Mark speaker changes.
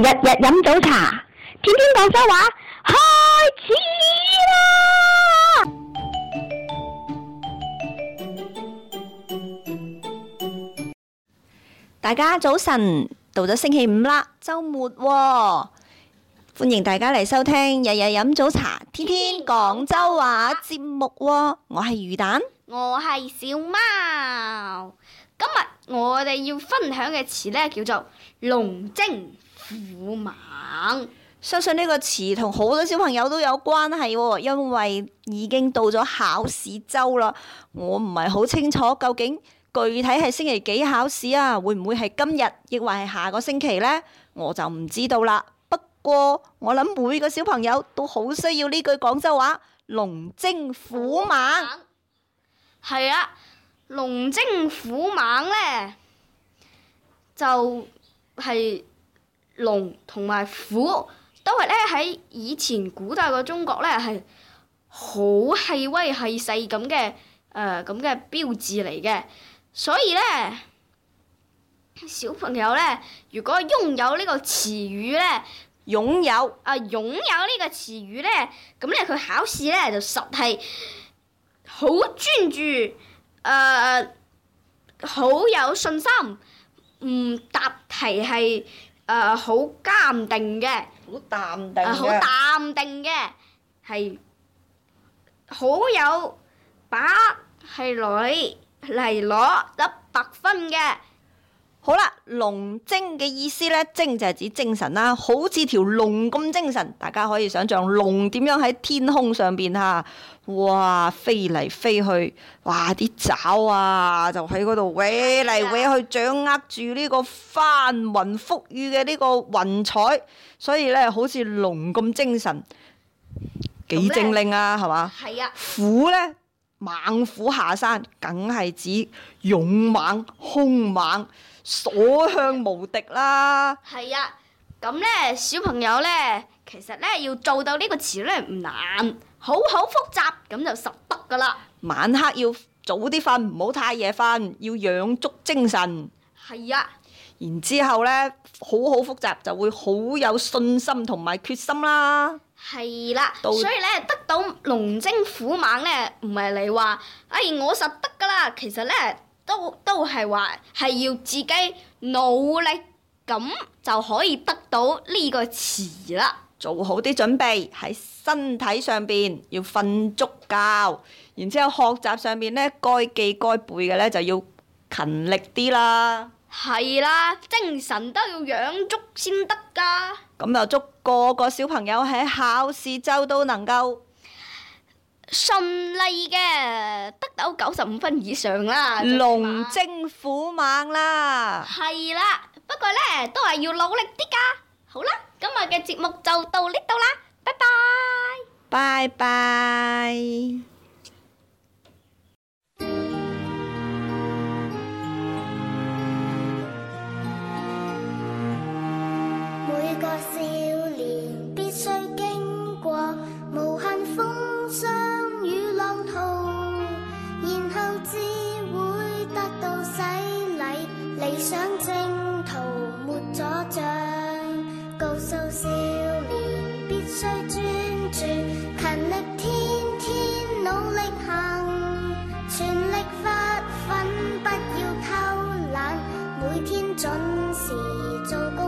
Speaker 1: 日日飲早茶，天天講廣州話，開始啦！
Speaker 2: 大家早晨，到咗星期五啦，周末喎，歡迎大家嚟收聽《日日飲早茶，天天廣州話》節目喎。我係魚蛋，
Speaker 1: 我係小貓，今日，我哋要分享嘅詞呢，叫做龍精虎猛。相信呢個詞同好多小朋友都有關係
Speaker 2: 喎、哦，因為已經到咗考試週啦。我唔係好清楚究竟具體係星期幾考試啊，會唔會係今日，亦或係下個星期呢？我就唔知道啦。不過我諗每個小朋友都好需要呢句
Speaker 3: 廣
Speaker 1: 州話，龍精虎猛。係啊。龍精虎猛咧，就係龍同埋虎都係咧，喺以前古代個中國咧，係好係威係勢咁嘅，誒咁嘅標誌嚟嘅。所以咧，小朋友咧，如果擁有呢個詞語咧，擁有啊擁有呢個詞語咧，咁咧，佢考試咧，就實係好專注。誒好有信心，唔答題係誒好鑑定嘅，好淡定嘅，好淡定嘅，係好有把握女嚟攞一百分嘅。好啦，龍精嘅意思咧，精
Speaker 2: 就係指精神啦、啊，好似條龍咁精神，大家可以想象龍點樣喺天空上邊吓、啊，哇，飛嚟飛去，哇，啲爪啊就喺嗰度喂嚟喂去，掌握住呢個翻雲覆雨嘅呢個雲彩，所以咧好似龍咁精神，幾精靈啊，係嘛美？係吧啊。虎咧。猛虎下山，梗係指
Speaker 1: 勇猛、兇猛、所向無敵啦。係啊，咁咧小朋友咧，其實咧要做到呢個詞咧唔難，好好復習咁就實得噶啦。
Speaker 2: 晚黑要早啲瞓，唔好太夜瞓，要養足精神。係啊，然之後咧好好復習，就會好有信心同埋決心啦。
Speaker 1: 係啦，到所以咧得到龍精虎猛咧，唔係你話，哎我實得噶啦。其實咧都都係話係要自己努力，咁就可以得到呢個詞
Speaker 2: 啦。做好啲準備，喺
Speaker 1: 身體上
Speaker 2: 邊要瞓足覺，然之後學習上面咧該記該背嘅咧就要勤力啲啦。
Speaker 1: 係啦，精神都要養足先得噶。
Speaker 2: 咁就祝個個小朋友喺考試周都能夠
Speaker 1: 順利嘅得到九十五分以上啦，龍精虎猛啦。係啦，不過呢，都係要努力啲噶。好啦，今日嘅節目就到呢度啦，拜拜。
Speaker 2: 拜拜。
Speaker 3: 個少年必須經過無限風霜與浪濤，然後只會得到洗禮。理想征途沒阻障，告訴少年必須專注，勤力天天努力行，全力發奮不要偷懶，每天準時做功。